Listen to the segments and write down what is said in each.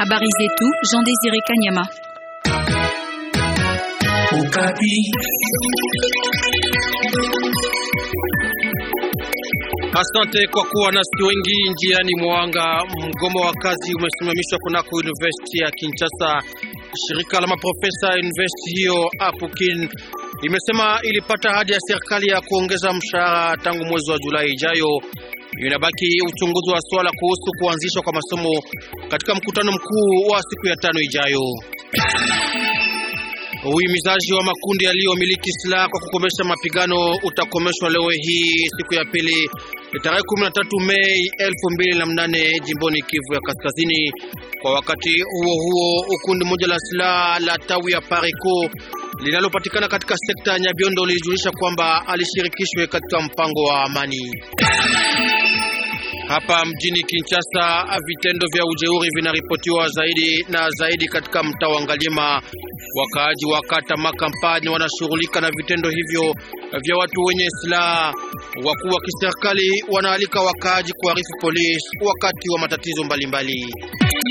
Habari zetu Jean Désiré Kanyama. Asante kwa kuwa nasi wengi njiani mwanga. Mgomo wa kazi umesimamishwa kunako university ya Kinshasa. Shirika la maprofesa university hiyo Apukin imesema ilipata ahadi ya serikali ya kuongeza mshahara tangu mwezi wa Julai ijayo. Inabaki uchunguzi wa swala kuhusu kuanzishwa kwa masomo katika mkutano mkuu wa siku ya tano ijayo. Uhimizaji wa makundi yaliyomiliki silaha kwa kukomesha mapigano utakomeshwa leo hii siku ya pili tarehe 13 Mei 2008 jimboni Kivu ya Kaskazini. Kwa wakati huo huo, ukundi moja la silaha la tawi ya Parico linalopatikana katika sekta ya Nyabiondo lilijulisha kwamba alishirikishwe katika mpango wa amani hapa mjini Kinshasa, vitendo vya ujeuri vinaripotiwa zaidi na zaidi katika mtaa wa Ngalima. Wakaaji wa kata makampani wanashughulika na vitendo hivyo vya watu wenye silaha. Wakuu wa kiserikali wanaalika wakaaji kuarifu polisi wakati wa matatizo mbalimbali mbali.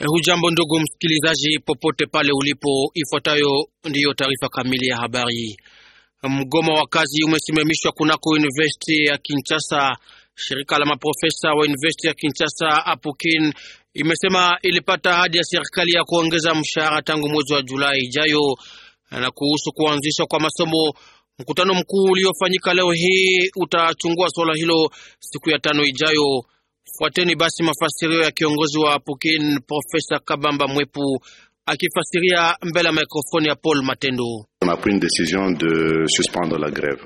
Eh, hujambo ndugu msikilizaji, popote pale ulipo, ifuatayo ndiyo taarifa kamili ya habari. Mgomo wa kazi umesimamishwa kunako university ya Kinshasa. Shirika la maprofesa wa university ya Kinshasa Apukin imesema ilipata ahadi ya serikali ya kuongeza mshahara tangu mwezi wa Julai ijayo. Na kuhusu kuanzishwa kwa masomo, mkutano mkuu uliofanyika leo hii utachungua suala hilo siku ya tano ijayo. Fuateni basi mafasirio ya kiongozi wa Apukin Profesa Kabamba Mwepu akifasiria mbele ya mikrofoni ya Paul Matendo.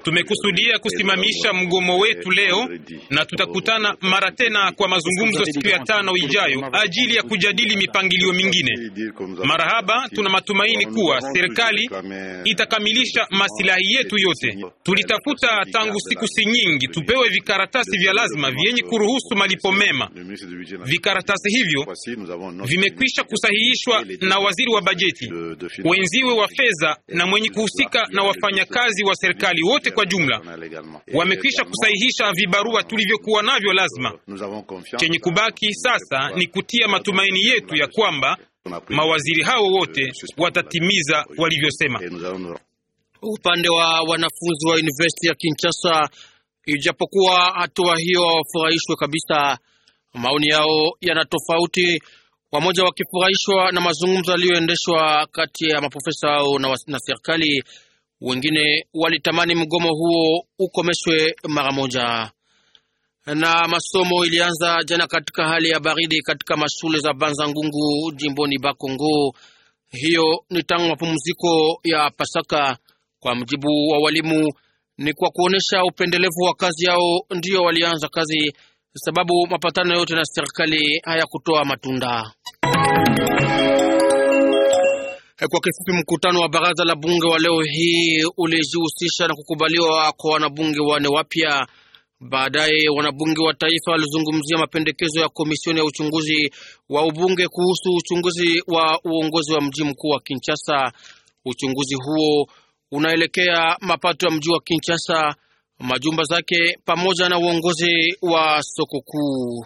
Tumekusudia kusimamisha mgomo wetu leo na tutakutana mara tena kwa mazungumzo siku ya tano ijayo ajili ya kujadili mipangilio mingine. Marahaba, tuna matumaini kuwa serikali itakamilisha masilahi yetu yote. Tulitafuta tangu siku si nyingi tupewe vikaratasi vya lazima vyenye kuruhusu malipo mema. Vikaratasi hivyo vimekwisha kusahihishwa na waziri wa bajeti, wenziwe wa fedha na mwenye wenye kuhusika na wafanyakazi wa serikali wote kwa jumla wamekwisha kusahihisha vibarua tulivyokuwa navyo. Lazima chenye kubaki sasa ni kutia matumaini yetu ya kwamba mawaziri hao wote watatimiza walivyosema. Upande wa wanafunzi wa University ya Kinshasa, ijapokuwa hatua hiyo hawafurahishwe kabisa, maoni yao yana tofauti wamoja wakifurahishwa na mazungumzo yaliyoendeshwa kati ya maprofesa hao na, na serikali. Wengine walitamani mgomo huo ukomeshwe mara moja. Na masomo ilianza jana katika hali ya baridi katika mashule za Banza Ngungu jimboni Bakongo. Hiyo ni tangu mapumziko ya Pasaka. Kwa mjibu wa walimu, ni kwa kuonyesha upendelevu wa kazi yao ndiyo walianza kazi, sababu mapatano yote na serikali hayakutoa matunda. Eh, kwa kifupi, mkutano wa baraza la bunge wa leo hii ulijihusisha na kukubaliwa kwa wanabunge wane wapya. Baadaye wanabunge wa taifa walizungumzia mapendekezo ya komisioni ya uchunguzi wa ubunge kuhusu uchunguzi wa uongozi wa mji mkuu wa Kinshasa. Uchunguzi huo unaelekea mapato ya mji wa Kinshasa, majumba zake, pamoja na uongozi wa soko kuu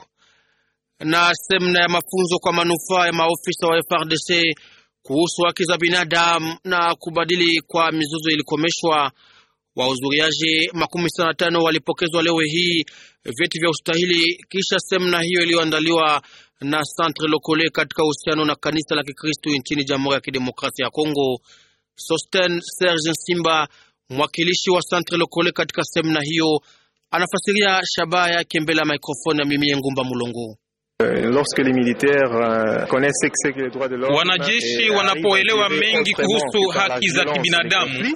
na semna ya mafunzo kwa manufaa ya maofisa wa FRDC kuhusu haki za binadamu na kubadili kwa mizozo ilikomeshwa. Wahudhuriaji makumi sita na tano walipokezwa leo hii vyeti vya ustahili kisha semna hiyo iliyoandaliwa na Centre Lokole katika uhusiano na kanisa la Kikristu nchini Jamhuri ya Kidemokrasia ya Kongo. Sosten Serge Simba, mwakilishi wa Centre Lokole katika semna hiyo, anafasiria shabaha yake mbele ya mikrofoni ya mimi Ngumba Mulongo. Euh, euh, Wanajeshi wanapoelewa mengi kuhusu haki za kibinadamu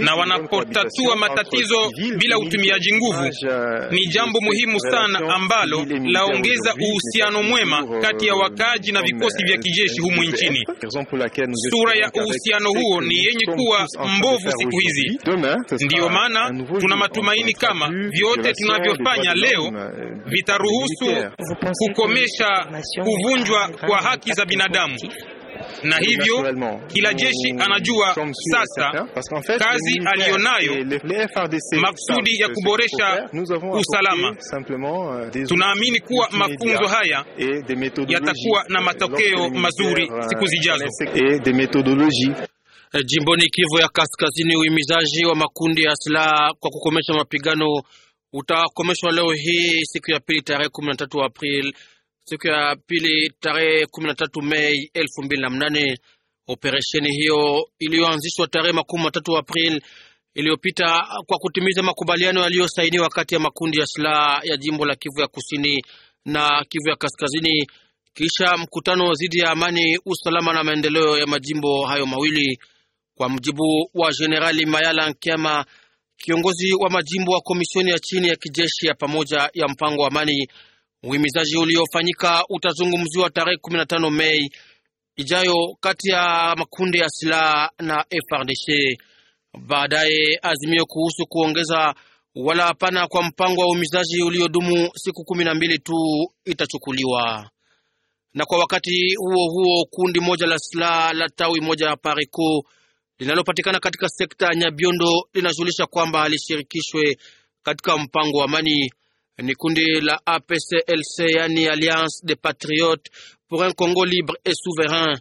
na wanapotatua matatizo bila utumiaji nguvu, euh, ni jambo muhimu sana ambalo laongeza uhusiano mwema kati ya wakaaji na vikosi vya kijeshi humu nchini. Sura ya uhusiano huo ni yenye kuwa mbovu siku hizi. Ndiyo maana tuna matumaini kama vyote tunavyofanya leo vitaruhusu kukomesha kuvunjwa kwa haki za binadamu na hivyo kila jeshi anajua sasa kazi aliyonayo maksudi ya kuboresha usalama. Tunaamini kuwa mafunzo haya yatakuwa na matokeo mazuri siku zijazo. Jimboni Kivu ya Kaskazini, uhimizaji wa makundi ya silaha kwa kukomesha mapigano utakomeshwa leo hii siku ya pili tarehe tatu April, siku ya pili tarehe tatu Mei mnane. Operesheni hiyo iliyoanzishwa tarehe makumi matatu April iliyopita kwa kutimiza makubaliano yaliyosainiwa kati ya makundi ya silaha ya jimbo la Kivu ya kusini na Kivu ya kaskazini kisha mkutano dhidi ya amani, usalama na maendeleo ya majimbo hayo mawili. Kwa mjibu wa Jenerali Mayala Nkiama. Kiongozi wa majimbo wa komisioni ya chini ya kijeshi ya pamoja ya mpango wa amani. Uhimizaji uliofanyika utazungumziwa tarehe 15 Mei ijayo kati ya makundi ya silaha na FRDC. Baadaye azimio kuhusu kuongeza wala hapana kwa mpango wa uhimizaji uliodumu siku kumi na mbili tu itachukuliwa. Na kwa wakati huo huo, kundi moja la silaha la tawi moja ya Parico linalopatikana katika sekta ya Nyabiondo linajulisha kwamba alishirikishwe katika mpango wa amani. Ni kundi la APCLC, yani Alliance des Patriotes pour un Congo libre et souverain.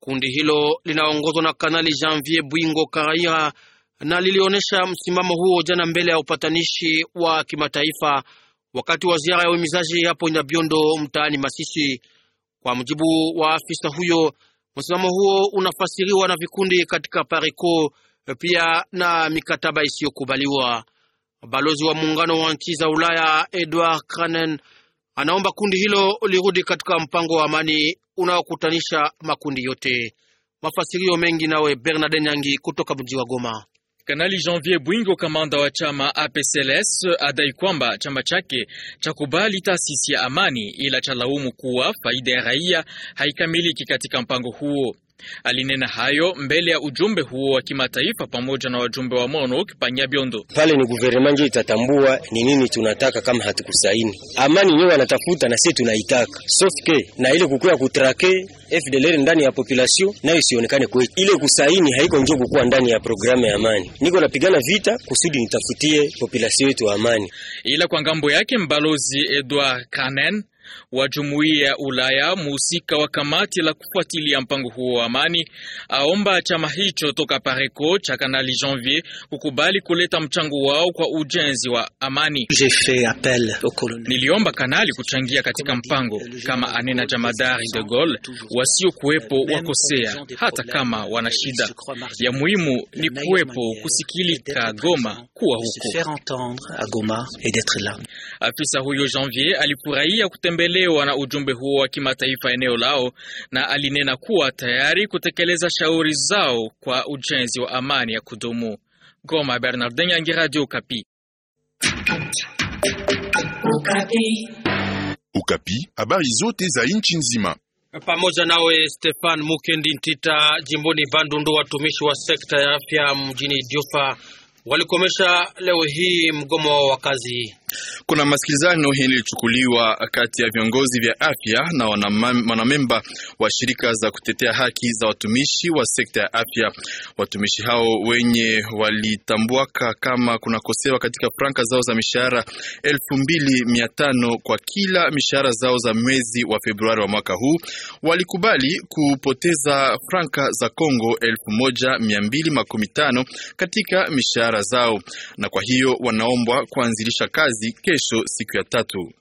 Kundi hilo linaongozwa na Kanali Janvier Bwingo Karaira na lilionyesha msimamo huo jana mbele ya upatanishi wa kimataifa wakati wa ziara ya uhimizaji hapo Nyabiondo mtaani Masisi. Kwa mujibu wa afisa huyo Msimamo huo unafasiriwa na vikundi katika Pareko pia na mikataba isiyokubaliwa. Balozi wa muungano wa nchi za Ulaya Edward Cranen anaomba kundi hilo lirudi katika mpango wa amani unaokutanisha makundi yote. Mafasirio mengi nawe Bernard Nyangi kutoka mji wa Goma. Kanali Janvier Bwingo, kamanda wa chama APCLS, adai kwamba chama chake cha kubali taasisi ya amani, ila chalaumu kuwa faida ya raia haikamiliki katika mpango huo. Alinena hayo mbele ya ujumbe huo wa kimataifa pamoja na wajumbe wa MONUC Panyabiondo. Pale ni guvernema njo itatambua ni nini tunataka kama hatukusaini. Amani yenyewe wanatafuta na sisi tunaitaka. Sofke na ile kukua kutrake FDLR ndani ya population nayo isionekane kwetu. Ile kusaini haiko njoo kukua ndani ya programu ya amani. Niko napigana vita kusudi nitafutie population yetu amani. Ila kwa ngambo yake mbalozi Edward Kanen wa jumuiya ya Ulaya, muhusika wa kamati la kufuatilia mpango huo wa amani, aomba chama hicho toka Pareco cha Kanali Janvier kukubali kuleta mchango wao kwa ujenzi wa amani. Niliomba kanali kuchangia katika mpango, kama anena jamadari de Gaulle, wasiokuwepo wakosea, hata kama wana shida. Ya muhimu ni kuwepo kusikilika Goma, kuwa huko. Afisa huyo Janvier alifurahia kutembea kutembelewa na ujumbe huo wa kimataifa eneo lao, na alinena kuwa tayari kutekeleza shauri zao kwa ujenzi wa amani ya kudumu. Goma, Bernardin Yangi, Radio Okapi. Ukapi, Ukapi, habari zote za nchi nzima pamoja nawe Stefan Mukendi Ntita. Jimboni Bandundu, watumishi wa sekta ya afya mjini Diofa walikomesha leo hii mgomo wao wa kazi. Kuna masikilizano iliyochukuliwa kati ya viongozi vya afya na wanamemba wa shirika za kutetea haki za watumishi wa sekta ya afya. Watumishi hao wenye walitambuaka kama kunakosewa katika franka zao za mishahara 2500 kwa kila mishahara zao za mwezi wa Februari wa mwaka huu walikubali kupoteza franka za Kongo 1215 katika mishahara zao, na kwa hiyo wanaombwa kuanzilisha kazi kazi kesho siku ya tatu.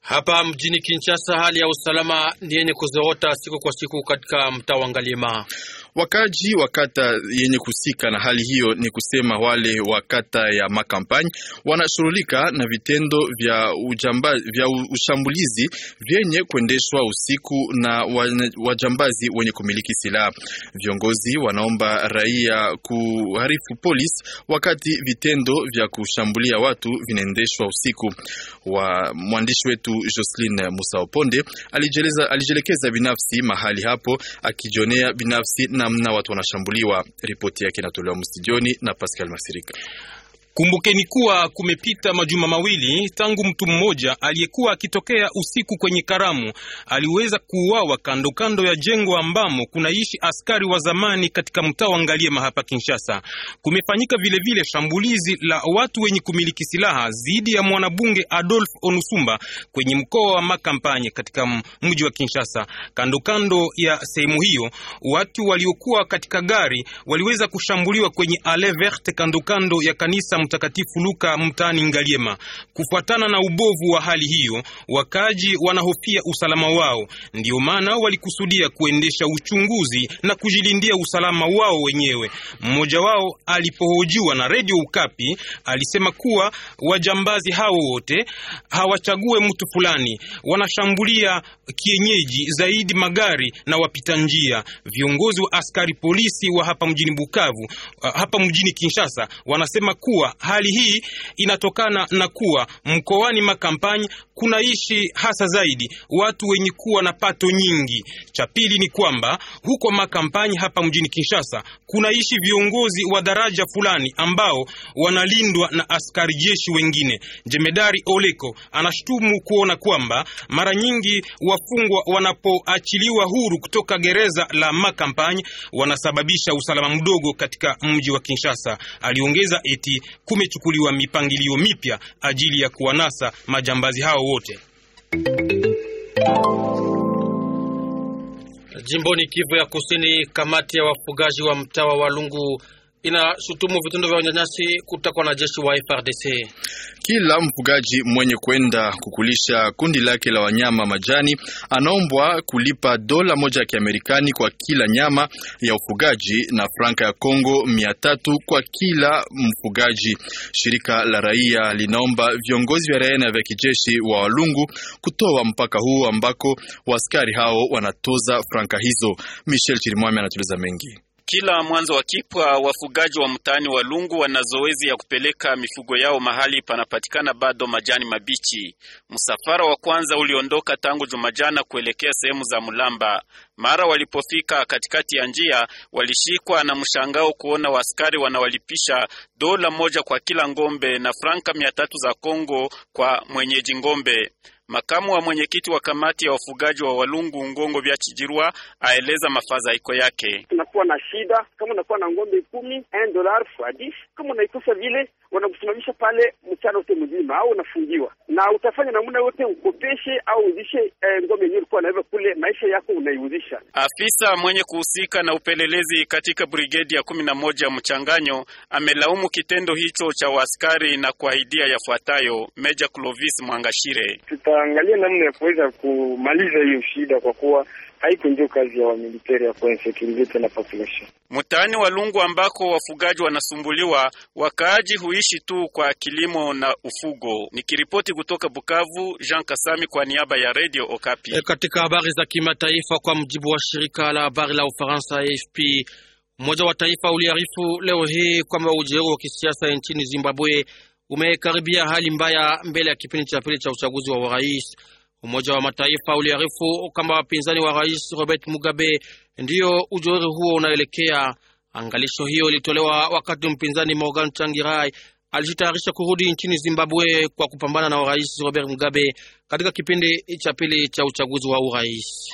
Hapa mjini Kinshasa hali ya usalama ni yenye kuzorota siku kwa siku katika mtaa wa Ngaliema. Wakaji wa kata yenye kusika na hali hiyo, ni kusema wale wa kata ya Makampani, wanashughulika na vitendo vya, ujamba, vya ushambulizi vyenye kuendeshwa usiku na wajambazi wenye kumiliki silaha. Viongozi wanaomba raia kuharifu polisi wakati vitendo vya kushambulia watu vinaendeshwa usiku. Wa mwandishi wetu Jocelyn Musaoponde alijielekeza binafsi mahali hapo akijionea binafsi na namna watu wanashambuliwa. Ripoti yake inatolewa mstijoni na Pascal Masirika. Kumbukeni kuwa kumepita majuma mawili tangu mtu mmoja aliyekuwa akitokea usiku kwenye karamu aliweza kuuawa kando kando ya jengo ambamo kunaishi askari wa zamani katika mtaa wa Ngaliema hapa Kinshasa. Kumefanyika vilevile vile shambulizi la watu wenye kumiliki silaha dhidi ya mwanabunge Adolf Onusumba kwenye mkoa wa Makampanye katika mji wa Kinshasa. Kando kando ya sehemu hiyo watu waliokuwa katika gari waliweza kushambuliwa kwenye ale verte kando kando ya kanisa Mtakatifu Luka mtaani Ngaliema. Kufuatana na ubovu wa hali hiyo, wakaji wanahofia usalama wao, ndiyo maana walikusudia kuendesha uchunguzi na kujilindia usalama wao wenyewe. Mmoja wao alipohojiwa na redio Ukapi alisema kuwa wajambazi hao wote hawachague mtu fulani, wanashambulia kienyeji zaidi magari na wapita njia. Viongozi wa askari polisi wa hapa mjini Bukavu, hapa mjini Kinshasa wanasema kuwa hali hii inatokana na kuwa mkoani Makampani kunaishi hasa zaidi watu wenye kuwa na pato nyingi. Cha pili ni kwamba huko Makampani hapa mjini Kinshasa kunaishi viongozi wa daraja fulani ambao wanalindwa na askari jeshi wengine. Jemedari Oleko anashutumu kuona kwamba mara nyingi wafungwa wanapoachiliwa huru kutoka gereza la Makampani wanasababisha usalama mdogo katika mji wa Kinshasa. Aliongeza eti kumechukuliwa mipangilio mipya ajili ya kuwanasa majambazi hao wote. Jimboni Kivu ya Kusini, kamati ya wafugaji wa mtaa wa Walungu inashutumu vitendo vya unyanyasi kutakwa na jeshi wa FRDC. Kila mfugaji mwenye kwenda kukulisha kundi lake la wanyama majani anaombwa kulipa dola moja ya Kiamerikani kwa kila nyama ya ufugaji na franka ya Kongo mia tatu kwa kila mfugaji. Shirika la raia linaomba viongozi vya raia na vya kijeshi wa Walungu kutoa mpaka huu ambako waskari hao wanatoza franka hizo. Michel Chirimwami anatuliza mengi kila mwanzo wa kipwa wafugaji wa mtaani wa Lungu wana zoezi ya kupeleka mifugo yao mahali panapatikana bado majani mabichi. Msafara wa kwanza uliondoka tangu Jumajana kuelekea sehemu za Mulamba. Mara walipofika katikati ya njia, walishikwa na mshangao kuona waskari wanawalipisha dola moja kwa kila ngombe na franka mia tatu za Kongo kwa mwenyeji ngombe. Makamu wa mwenyekiti wa kamati ya wafugaji wa Walungu Ngongo vya Chijirwa aeleza mafadhaiko yake. Tunakuwa na shida kama unakuwa na ng'ombe kumi dola elfu kama unaikosa vile wanakusimamisha pale mchana wote mzima, au unafungiwa na utafanya namna yote ukopeshe au uzishe eh, ngome yenyewe ulikuwa naweza kule, maisha yako unaiuzisha. Afisa mwenye kuhusika na upelelezi katika brigedi ya kumi na moja Mchanganyo amelaumu kitendo hicho cha waskari na kuahidia yafuatayo. Meja Clovis Mwangashire: tutaangalia namna ya kuweza kumaliza hiyo shida kwa kuwa haiko ndio kazi ya wamilitari ya kuinsekirize na population mtaani wa Lungu ambako wafugaji wanasumbuliwa. Wakaaji huishi tu kwa kilimo na ufugo. Nikiripoti kutoka Bukavu, Jean Kasami kwa niaba ya Radio Okapi. E, katika habari za kimataifa, kwa mjibu wa shirika la habari la Ufaransa AFP, Umoja wa Taifa uliarifu leo hii kwamba ujeuri wa kisiasa nchini Zimbabwe umekaribia hali mbaya mbele ya kipindi cha pili cha uchaguzi wa urais. Umoja wa Mataifa uliarifu kama wapinzani wa rais Robert Mugabe ndiyo ujeuri huo unaelekea. Angalisho hiyo ilitolewa wakati mpinzani Morgan Tsvangirai alijitayarisha kurudi nchini Zimbabwe kwa kupambana na rais Robert Mugabe katika kipindi cha pili cha uchaguzi wa urais.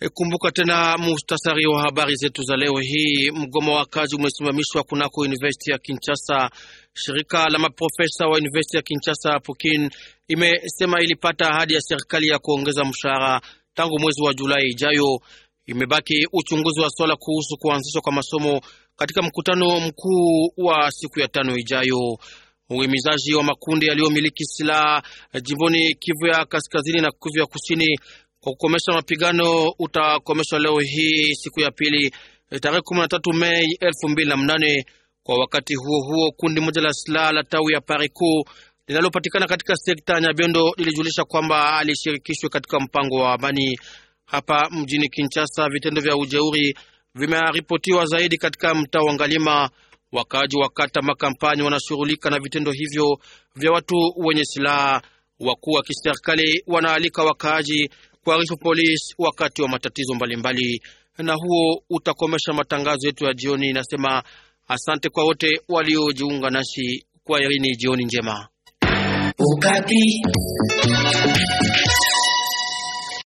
E, kumbuka tena muhtasari wa habari zetu za leo hii. Mgomo wa kazi umesimamishwa kunako university ya Kinshasa. Shirika la maprofesa wa university ya Kinshasa Pukin imesema ilipata ahadi ya serikali ya kuongeza mshahara tangu mwezi wa Julai ijayo. Imebaki uchunguzi wa swala kuhusu kuanzishwa kwa masomo katika mkutano mkuu wa siku ya tano ijayo. Uhimizaji wa makundi yaliyomiliki silaha eh, jimboni Kivu ya kaskazini na Kivu ya kusini Kukomesha mapigano utakomeshwa leo hii siku ya pili eh, tarehe 13 Mei mnane. Kwa wakati huo huo, kundi moja la silaha la tawi ya Pariku linalopatikana katika sekta ya Nyabiondo lilijulisha kwamba alishirikishwa katika mpango wa amani hapa mjini Kinshasa. Vitendo vya ujeuri vimeripotiwa zaidi katika mtaa wa Ngalima. Wakaaji wa kata Makampani wanashughulika na vitendo hivyo vya watu wenye silaha. Wakuu wa kiserikali wanaalika wakaaji kuarifu polisi wakati wa matatizo mbalimbali mbali. Na huo utakomesha matangazo yetu ya jioni. Nasema asante kwa wote waliojiunga nasi kwa irini, jioni njema ukati